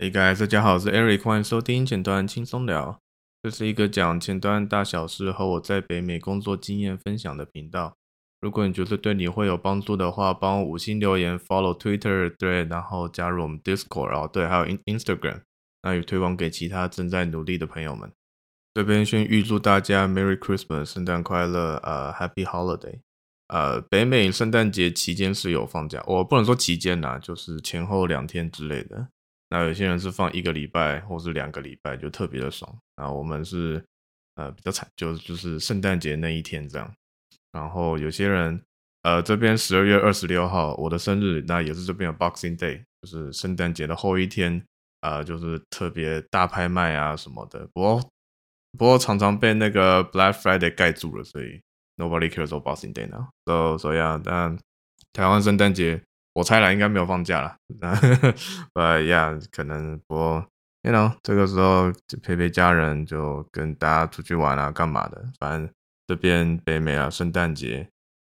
Hey guys，大家好，我是 Eric，歡迎收聽前端輕鬆聊。這是一個講前端大小事和我在北美工作經驗分享的頻道。如果你覺得對你會有幫助的話，幫我五星留言，follow Twitter，對，然後加入我們 Discord，對，還有 Instagram，那也推廣給其他正在努力的朋友們。這邊先預祝大家 Merry Christmas，聖誕快樂，呃、uh，Happy Holiday，呃，uh, 北美聖誕節期間是有放假，我不能說期間吶、啊，就是前後兩天之類的。那有些人是放一個禮拜或是兩個禮拜就特別的爽，然後我們是，呃，比較慘，就是就是聖誕節那一天這樣。然後有些人，呃，這邊十二月二十六號我的生日，那也是這邊有 Boxing Day，就是聖誕節的後一天，啊、呃，就是特別大拍賣啊什麼的。不過不過常常被那個 Black Friday 蓋住了，所以 nobody cares about Boxing Day now。So so yeah，但台灣聖誕節。我猜了，應該沒有放假啦。呃呀，可能不過，你 you know, 這個時候陪陪家人，就跟大家出去玩啊，幹嘛的？反正這邊北美啊，聖誕節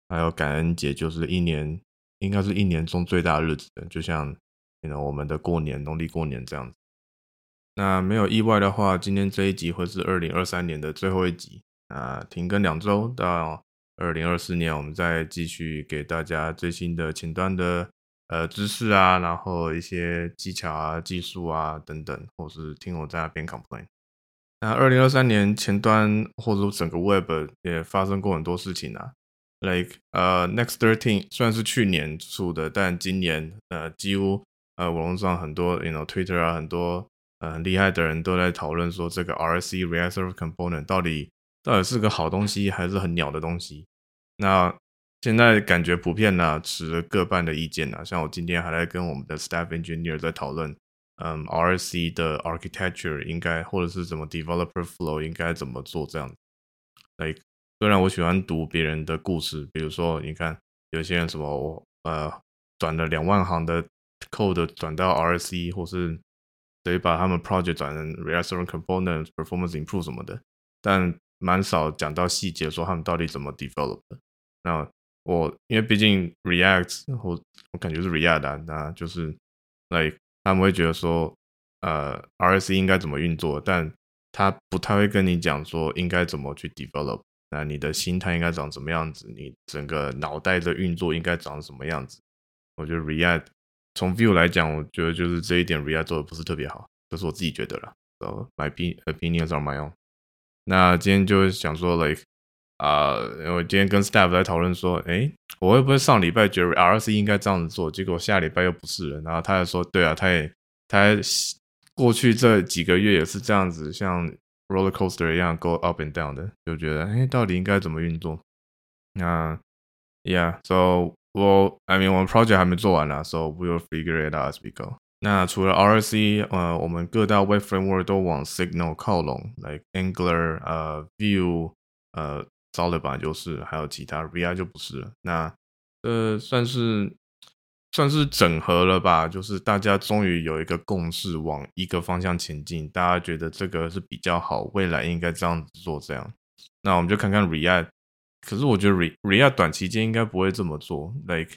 還有感恩節，就是一年應該是一年中最大的日子的，就像 you know, 我們的過年，農曆過年這樣子。那沒有意外的話，今天這一集會是二零二三年的最後一集啊、呃，停更兩周到。二零二四年，我們再繼續給大家最新的前端的呃知識啊，然後一些技巧啊、技術啊等等，或是聽我在那邊 complain。那二零二三年前端或者說整個 Web 也發生過很多事情啊，like 呃、uh, Next 13雖然是去年出的，但今年呃幾乎呃網絡上很多，you know Twitter 啊很多呃很厲害的人都在討論說這個 RSC SE, React Server Component 到底。到底是個好東西還是很鳥的東西？那現在感覺普遍呢，持各半的意見呢、啊。像我今天還在跟我們的 staff engineer 在討論，嗯，RSC 的 architecture 應該或者是什麼 developer flow 應該怎麼做這樣。來、like,，雖然我喜歡讀別人的故事，比如說你看，有些人什麼我呃，轉了兩萬行的 code 轉到 RSC 或是可以把他們 project 轉成 React Server Components performance improve 什麼的，但蠻少講到細節，說他們到底怎麼 develop 的。那我因為畢竟 React 我我感覺是 React 啊，那就是、like,，來他們會覺得說，呃，RSC 應該怎麼運作，但他不太會跟你講說應該怎麼去 develop。那你的心態應該長什麼樣子？你整個腦袋的運作應該長什麼樣子？我覺得 React 從 View 來講，我覺得就是這一點 React 做的不是特別好，這是我自己覺得啦。So, my opinions are my own。那今天就是想說，like 啊、uh,，因為今天跟 staff 在討論說，誒、欸，我會不會上禮拜覺得 RSE 應該這樣子做，結果下禮拜又不是了。然後他還說，對啊，他也他過去這幾個月也是這樣子，像 roller coaster 一樣 go up and down 的，就覺得誒、欸，到底應該怎麼運作？那、uh, Yeah，so well, I mean 我們 project 還沒做完呢、啊、，so we will figure it out as we go。那除了 R C，呃，我們各大 Web framework 都往 Signal 靠攏，like Angular，呃、uh, Vue 呃，Solid 吧就是，還有其他 React 就不是了。那呃，算是算是整合了吧，就是大家終於有一個共識，往一個方向前進。大家覺得這個是比較好，未來應該這樣子做這樣。那我們就看看 React，可是我覺得 React 短期間應該不會這麼做，like。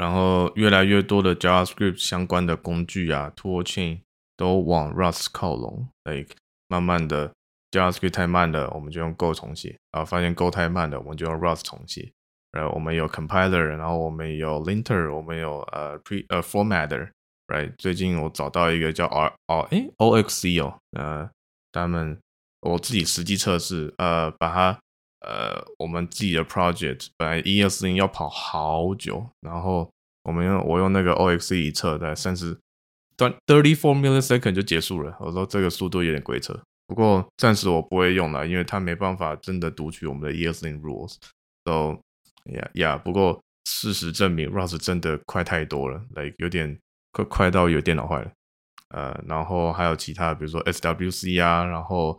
然後越來越多的 JavaScript 相關的工具啊，toolchain 都往 Rust 靠攏，來、like, 慢慢的 JavaScript 太慢了，我們就用 Go 重寫，啊，發現 Go 太慢了，我們就用 Rust 重寫。然後我們有 compiler，然後我們有 linter，我們有呃、uh, pre 呃、uh, formatter，t、right? 最近我找到一個叫 R 哦哎 OXC 哦，R o X、o, 呃他們我自己實際測試，呃把它。呃，我們自己的 project 本來 E S 零要跑好久，然後我們用我用那個 O X E 一測，在三十 thirty four milliseconds 就結束了。我說這個速度有點鬼扯，不過暫時我不會用了，因為它沒辦法真的讀取我們的 E S 零 rules。So yeah yeah，不過事實證明 Rust 真的快太多了，來、like, 有點快快到有電腦壞了。呃，然後還有其他，比如說 S W C 啊，然後。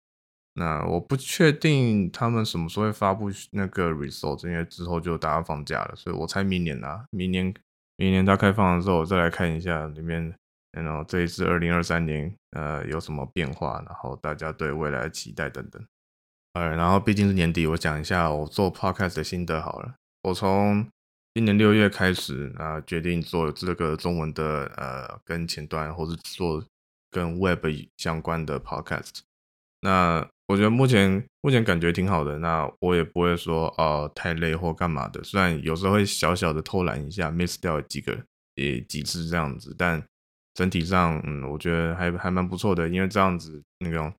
那我不確定他們什麼時候會發布那個 result，因為之後就大家放假了，所以我猜明年啦、啊，明年明年它開放的時候我再來看一下裡面，然後這一次二零二三年呃有什麼變化，然後大家對未來的期待等等。哎，然後畢竟是年底，我講一下我做 podcast 的心得好了。我從今年六月開始啊、呃，決定做這個中文的呃跟前端或者做跟 web 相關的 podcast，那，我覺得目前目前感覺挺好的，那我也不會說哦，太累或幹嘛的。雖然有時候會小小的偷懶一下，miss 掉幾個也幾次這樣子，但整體上嗯，我覺得還還蠻不錯的。因為這樣子那種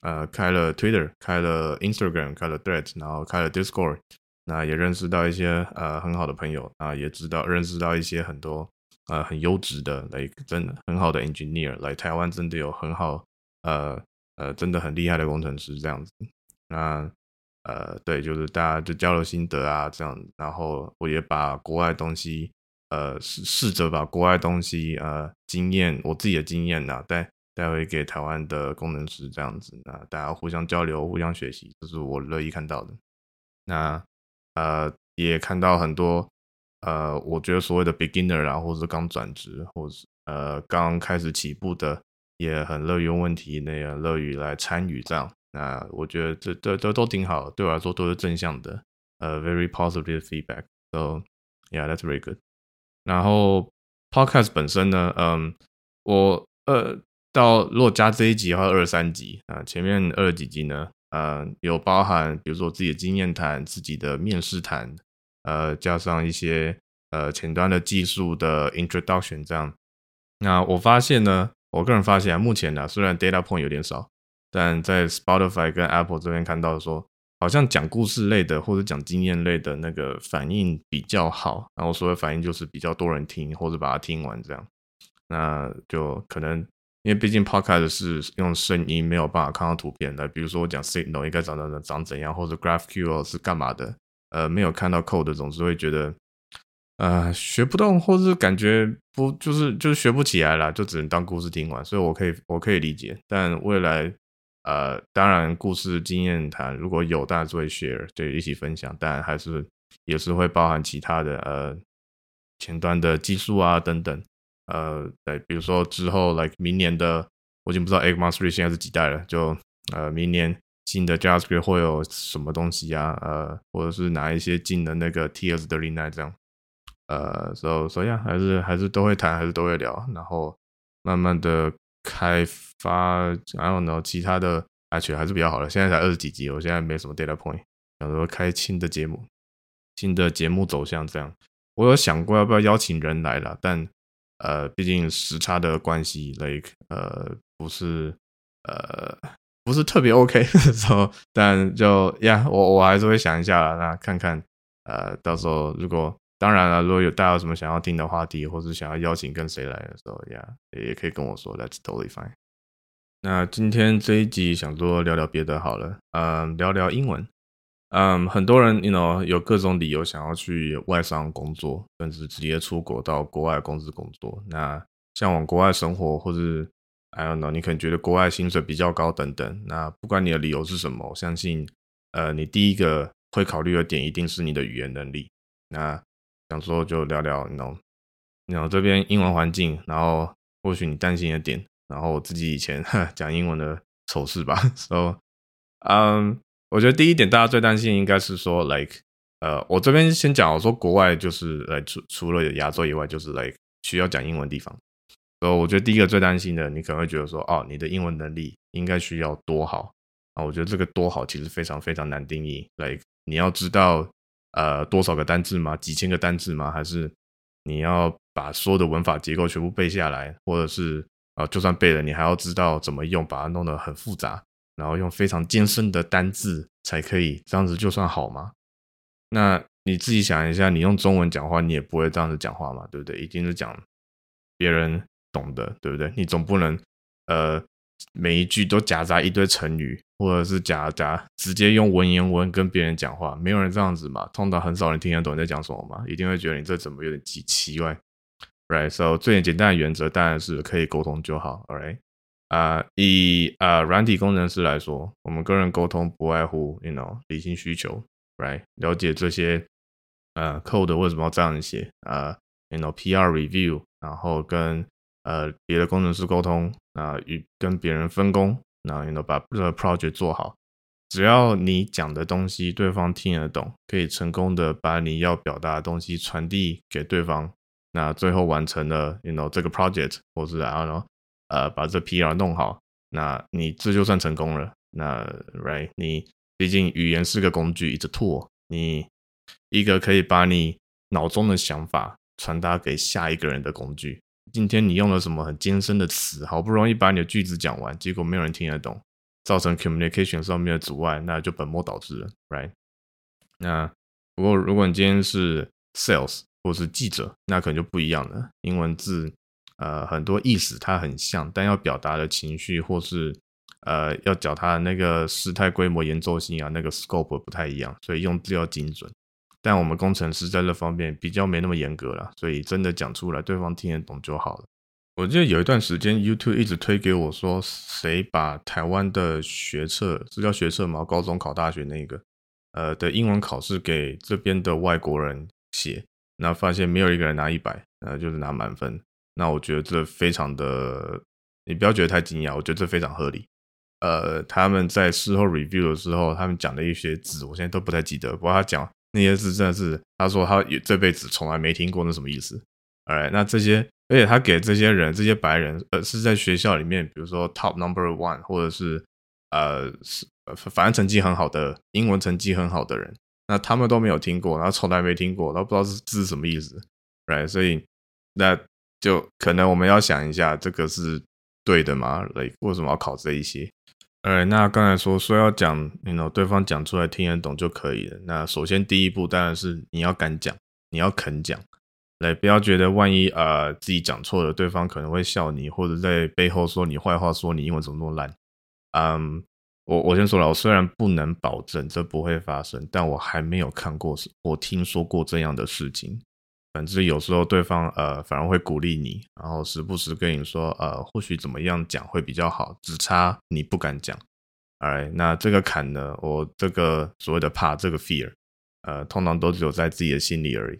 呃，開了 Twitter，開了 Instagram，開了 Thread，然後開了 Discord，那、呃、也認識到一些呃很好的朋友啊、呃，也知道認識到一些很多呃很優質的，來真的很好的 engineer 來台灣，真的有很好呃。呃，真的很厲害的工程師這樣子，那呃，對，就是大家就交流心得啊這樣子，然後我也把國外東西，呃，試試着把國外東西呃經驗，我自己的經驗啊，帶帶回給台灣的工程師這樣子，那大家互相交流、互相學習，這是我樂意看到的。那呃，也看到很多呃，我覺得所謂的 beginner 啊，或是剛轉職，或是呃，剛開始起步的。也很樂於問問題，那樣樂於來參與這樣，那我覺得這都都都挺好，對我來說都是正向的，呃、uh，very positive feedback。So yeah, that's very good. 然後 podcast 本身呢，嗯，我呃到如果加這一集或者二十三集啊，呃，前面二十幾集呢，嗯、呃，有包含比如說自己的經驗談、自己的面試談，呃，加上一些呃前端的技術的 introduction 這樣，那我發現呢，我個人發現啊，目前呢，啊，雖然 data point 有點少，但在 Spotify 跟 Apple 這邊看到說，好像講故事類的或者講經驗類的那個反應比較好。然後所謂反應就是比較多人聽或者把它聽完這樣。那就可能因為畢竟 podcast 是用聲音沒有辦法看到圖片的，比如說我講 signal 應該長怎樣長怎樣，或者 GraphQL 是幹嘛的，呃，沒有看到 code，總是會覺得。呃，學不動，或是感覺不，就是就是學不起來啦，就只能當故事聽完。所以我可以，我可以理解。但未來，呃，當然，故事經驗談如果有，大家作為 share，就一起分享。但還是也是會包含其他的，呃，前端的技術啊等等，呃，對，比如說之後，like 明年的，我已經不知道 ECMAScript 現在是幾代了，就呃明年新的 JavaScript 會有什麼東西啊，呃，或者是哪一些新的那個 TS 的 linter 這樣。呃，所以所以還是還是都會談，還是都會聊，然後慢慢的開發，然後呢，其他的還還是比較好的。現在才二十幾集，我現在沒什麼 data point，想說開新的節目，新的節目走向這樣，我有想過要不要邀請人來了，但呃，畢竟時差的關係，like 呃，不是呃，不是特別 OK，說 ，so, 但就呀，yeah, 我我還是會想一下啦，那看看，呃，到時候如果。當然了、啊，如果有大家有什麼想要聽的話題，或者是想要邀請跟誰來的時候，呀、yeah,，也可以跟我說。That's totally fine. 那今天這一集想多聊聊別的好了。嗯，聊聊英文。嗯，很多人，you know，有各種理由想要去外商工作，甚至直接出國到國外公司工作。那嚮往國外生活，或者 I don't know，你可能覺得國外薪水比較高等等。那不管你的理由是什麼，我相信，呃，你第一個會考慮的點一定是你的語言能力。那想說就聊聊，你知道，你知道這邊英文環境，然後或許你擔心的點，然後我自己以前講英文的糗事吧。so，嗯、um，，我覺得第一點大家最擔心應該是說，like，呃，我這邊先講，我說國外就是來除、like，除了亞洲以外，就是來、like，需要講英文地方。呃、so，，我覺得第一個最擔心的，你可能會覺得說，哦，你的英文能力應該需要多好啊？我覺得這個多好其實非常非常難定義，e、like，你要知道。呃，多少個單字嗎？幾千個單字嗎？還是你要把所有的文法結構全部背下來，或者是啊、呃，就算背了，你還要知道怎麼用，把它弄得很複雜，然後用非常艱深的單字才可以，這樣子就算好嗎？那你自己想一下，你用中文講話，你也不會這樣子講話嘛，對不對？一定是講別人懂的，對不對？你總不能呃，每一句都夾雜一堆成語。或者是假假直接用文言文跟別人講話，沒有人這樣子嘛，通常很少人聽得懂你在講什麼嘛，一定會覺得你這怎麼有點奇奇怪。Right, so 最簡單的原則當然是可以溝通就好。Alright, 啊、uh,，以啊軟體工程師來說，我們跟人溝通不外乎，you know，理性需求。Right, 了解這些呃、uh, code 為什麼要這樣寫，呃、uh,，you know PR review，然後跟呃別、uh, 的工程師溝通，啊、uh,，與跟別人分工。那 you know 把這個 project 做好，只要你講的東西對方聽得懂，可以成功的把你要表達的東西傳遞給對方，那最後完成了 you know 這個 project，或是然後呃把這 PR 弄好，那你這就算成功了。那 right 你畢竟語言是個工具，it's a tool，你一個可以把你腦中的想法傳達給下一個人的工具。今天你用了什麼很艱深的詞，好不容易把你的句子講完，結果沒有人聽得懂，造成 communication 上面的阻礙，那就本末倒置了，right？那不過如果你今天是 sales 或是記者，那可能就不一樣了。英文字，呃，很多意思它很像，但要表達的情緒或是呃要講的那個事態規模嚴重性啊，那個 scope 不太一樣，所以用字要精準。但我們工程師在這方面比較沒那麼嚴格啦，所以真的講出來，對方聽得懂就好了。我記得有一段時間，YouTube 一直推給我說，誰把台灣的學測，是，是叫學測嗎？高中考大學那一個，呃的英文考試給這邊的外國人寫，那發現沒有一個人拿一百，呃，呃就是拿滿分。那我覺得這非常的，你不要覺得太驚訝，我覺得這非常合理。呃，他們在事後 review 的時候，他們講的一些字，我現在都不太記得，不過他講。那些字真的是，他說他這輩子從來沒聽過，那什麼意思？Alright？那這些，而且他給這些人，這些白人，呃，是在學校裡面，比如說 top number one，或者是呃是反正成績很好的，英文成績很好的人，那他們都沒有聽過，然後從來沒聽過，他不知道是這是什麼意思，Alright？所以那就可能我們要想一下，這個是對的嗎？Like，為什麼要考這一些？哎，那剛才說說要講，你 you know, 對方講出來聽得懂就可以了。那首先第一步當然是你要敢講，你要肯講，來，不要覺得萬一啊、呃、自己講錯了，對方可能會笑你，或者在背後說你壞話，說你英文怎麼那麼爛。嗯、um,，我我先說了，我雖然不能保證這不會發生，但我還沒有看過，我聽說過這樣的事情。反正有時候對方呃反而會鼓勵你，然後時不時跟你說呃或許怎麼樣講會比較好，只差你不敢講，哎、right,，那這個坎呢，我這個所謂的怕這個 fear，呃，通常都只有在自己的心裡而已，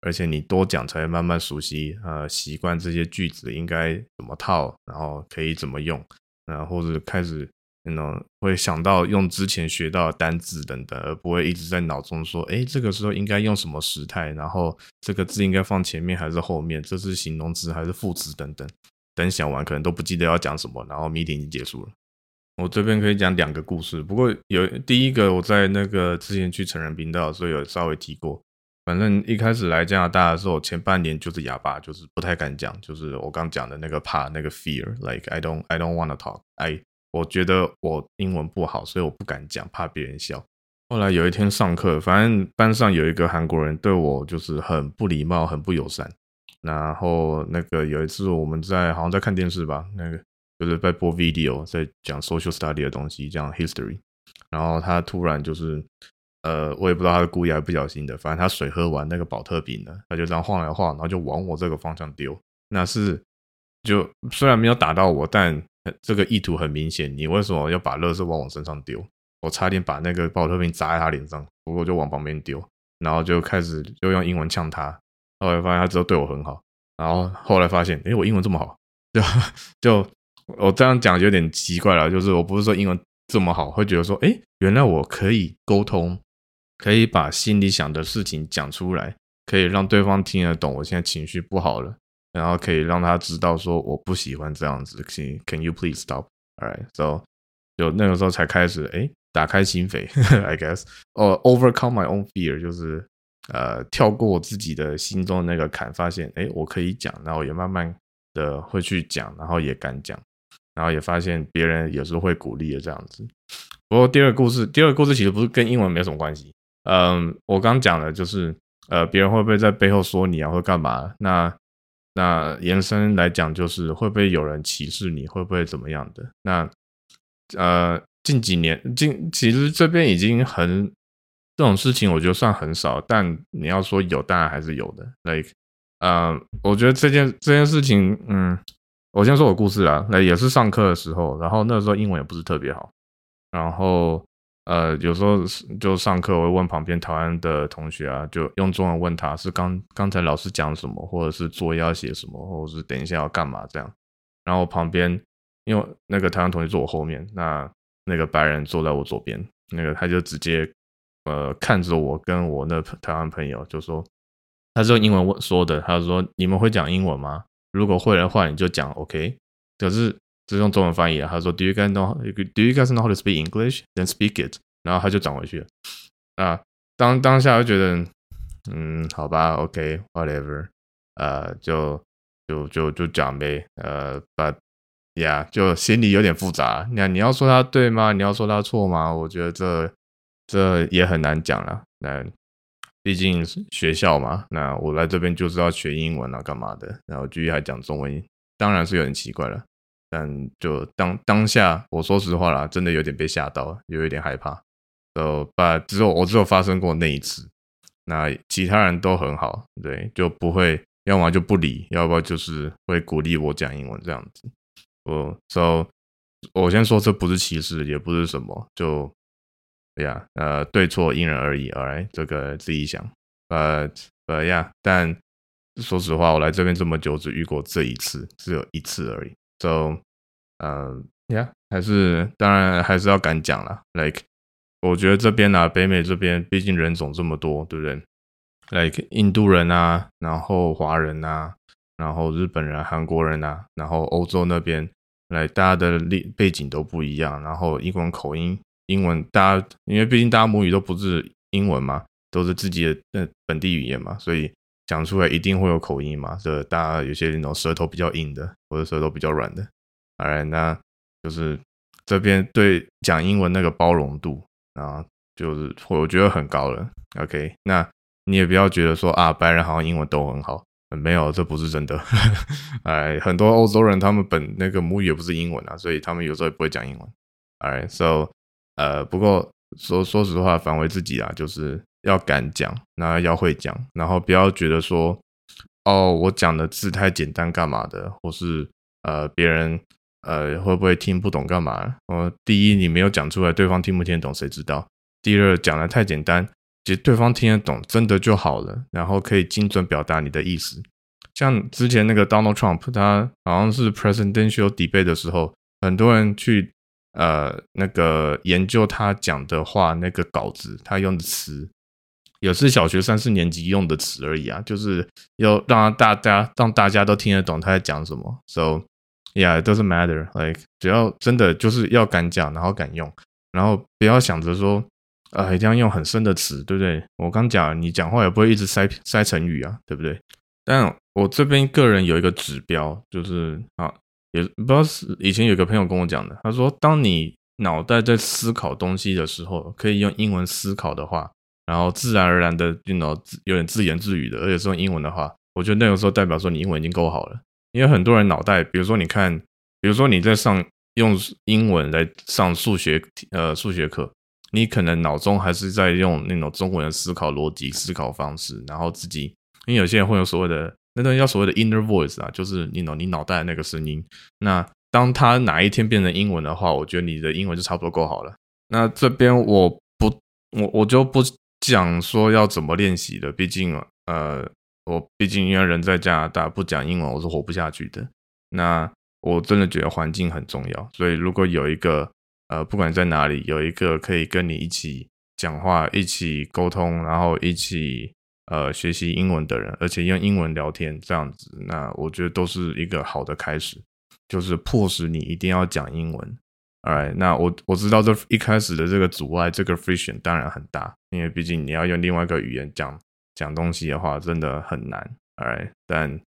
而且你多講才會慢慢熟悉呃習慣這些句子應該怎麼套，然後可以怎麼用，呃或是開始。能 you know, 會想到用之前學到的單詞等等，而不會一直在腦中說：“哎、欸，這個時候應該用什麼時態？然後這個字應該放前面還是後面？這是形容詞還是副詞等等？”等想完，可能都不記得要講什麼，然後 meeting 已經結束了。我這邊可以講兩個故事，不過有第一個，我在那個之前去成人頻道，所以有稍微提過。反正一開始來加拿大的時候，前半年就是啞巴，就是不太敢講，就是我剛講的那個怕那個 fear，like I don't I don't wanna talk I。我覺得我英文不好，所以我不敢講，怕別人笑。後來有一天上課，反正班上有一個韓國人對我就是很不禮貌、很不友善。然後那個有一次我們在好像在看電視吧，那個就是在播 video，在講 social study 的東西，講 history。然後他突然就是呃，我也不知道他是故意還是不小心的，反正他水喝完那個保特瓶呢，他就這樣晃來晃，然後就往我這個方向丟。那是就雖然沒有打到我，但。這個意圖很明顯，你為什麼要把樂色往我身上丟？我差點把那個寶特瓶砸在他臉上，不過就往旁邊丟，然後就開始就用英文嗆他。後來發現他之後對我很好，然後後來發現，哎，我英文這麼好，就就我這樣講有點奇怪了，就是我不是說英文這麼好，會覺得說，哎，原來我可以溝通，可以把心裡想的事情講出來，可以讓對方聽得懂。我現在情緒不好了。然後可以讓他知道說，我不喜歡這樣子，Can you please stop? Alright，so 就那個時候才開始哎打開心扉 ，I guess 哦 overcome my own fear 就是呃跳過我自己的心中的那個坎，發現哎我可以講，然後也慢慢的會去講，然後也敢講，然後也發現別人也是會鼓勵的這樣子。不過第二個故事，第二個故事其實不是跟英文沒什麼關係。嗯，我剛剛講的就是呃別人會不會在背後說你啊，會幹嘛那。那延伸來講，就是會不會有人歧視你，會不會怎麼樣的？那呃，近幾年，近其實這邊已經很這種事情，我覺得算很少。但你要說有，當然還是有的。那，like，呃，我覺得這件這件事情，嗯，我先說我的故事啊。那也是上課的時候，然後那時候英文也不是特別好，然後。呃，有時候就上課，我會問旁邊台灣的同學啊，就用中文問他，是剛剛才老師講什麼，或者是作業要寫什麼，或者是等一下要幹嘛這樣。然後旁邊因為那個台灣同學坐我後面，那那個白人坐在我左邊，那個他就直接呃看着我跟我那台灣朋友就說，他是用英文問說的，他說，你們會講英文嗎？如果會的話，你就講 OK。可是。就是用中文翻譯啊，他說：“Do you guys know Do you guys know how to speak English? Then speak it。”然後他就轉回去啊，呃。當當下就覺得，嗯，好吧，OK，whatever，okay，呃，就就就就講唄。呃，But yeah，就心裡有點複雜。那你要說他對嗎？你要說他錯嗎？我覺得這這也很難講啦。那畢竟是學校嘛，那我來這邊就是要學英文啊，幹嘛的？然後居然還講中文，當然是有點奇怪了。但就當當下，我說實話啦，真的有點被嚇到，有一點害怕。呃，把只有我只有發生過那一次，那其他人都很好，對，就不會，要麼就不理，要麼就是會鼓勵我講英文這樣子。我 o、so, so, 我先說這不是歧視，也不是什麼，就對呀，yeah, 呃，對錯因人而異，all right 這個自己想，呃，a 呀，但說實話，我來這邊這麼久，只遇過這一次，只有一次而已。So, 嗯，yeah，還是，當然還是要敢講啦，Like，我覺得這邊啊，北美這邊，畢竟人種這麼多，對不對？like 印度人啊，然後華人啊，然後日本人啊，韓國人啊，然後歐洲那邊來，like, 大家的背景都不一樣，然後英文口音，英文、大家，因為畢竟大家母語都不是英文嘛，都是自己的、呃、本地語言嘛，所以。講出來一定會有口音嘛？所以大家有些那種舌頭比較硬的，或者舌頭比較軟的。Alright，那就是這邊對講英文那個包容度啊，然後就是我覺得很高了。OK，那你也不要覺得說啊，白人好像英文都很好，沒有，這不是真的。哎 ，Alright, 很多歐洲人他們本那個母語也不是英文啊，所以他們有時候也不會講英文。Alright, so 呃，不過說說實話，反為自己啊，就是。要敢講，那要會講，然後不要覺得說，哦，我講的字太簡單幹嘛的，或是呃別人呃會不會聽不懂幹嘛？哦，第一你沒有講出來，對方聽不聽得懂誰知道？第二講的太簡單，其實對方聽得懂真的就好了，然後可以精準表達你的意思。像之前那個 Donald Trump，他好像是 Presidential Debate 的時候，很多人去呃那個研究他講的話那個稿子，他用的詞。也是小學三四年級用的詞而已啊，就是要讓大家讓大家都聽得懂他在講什麼。So yeah, it doesn't matter。like。只要真的就是要敢講，然後敢用，然後不要想着說，啊、呃、一定要用很深的詞，對不對？我剛講你講話也不會一直塞塞成語啊，對不對？但我這邊個人有一個指標，就是啊，也不知道是以前有個朋友跟我講的，他說，當你腦袋在思考東西的時候，可以用英文思考的話，然後自然而然的，you know, 有點自言自語的，而且說英文的話，我覺得那個時候代表說你英文已經夠好了。因為很多人腦袋，比如說你看，比如說你在上用英文來上數學，呃，數學課，你可能腦中還是在用那種中國人的思考邏輯、思考方式。然後自己，因為有些人會有所謂的，那東西叫所謂的 inner voice 啊，就是你腦 you know, 你腦袋的那個聲音。那當他哪一天變成英文的話，我覺得你的英文就差不多夠好了。那這邊我不，我我就不。講說要怎麼練習的，畢竟，呃，我畢竟因為人在加拿大，不講英文我是活不下去的。那我真的覺得環境很重要，所以如果有一個，呃，不管在哪裡，有一個可以跟你一起講話、一起溝通，然後一起呃學習英文的人，而且用英文聊天這樣子，那我覺得都是一個好的開始，就是迫使你一定要講英文。哎，right, 那我我知道這一開始的這個阻礙，這個 friction 當然很大，因為畢竟你要用另外一個語言講講東西的話，真的很難。哎，right，但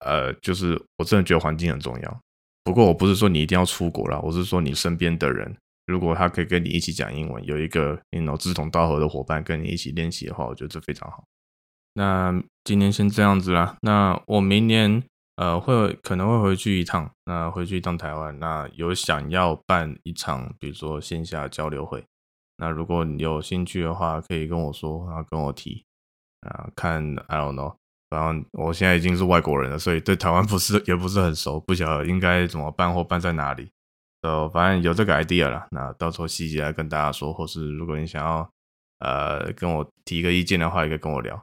呃，就是我真的覺得環境很重要。不過我不是說你一定要出國啦，我是說你身邊的人，如果他可以跟你一起講英文，有一個你 you know 志同道合的夥伴跟你一起練習的話，我覺得這非常好。那今天先這樣子啦，那我明年。呃，會可能會回去一趟，那回去一趟台灣，那有想要辦一場，比如說線下交流會，那如果你有興趣的話，可以跟我說，然後跟我提啊、呃，看 I don't know，反正我現在已經是外國人了，所以對台灣不是也不是很熟，不曉得應該怎麼辦或辦在哪裡，呃，反正有這個 idea 啦，那到時候細節來跟大家說，或是如果你想要呃跟我提一個意見的話，也可以跟我聊。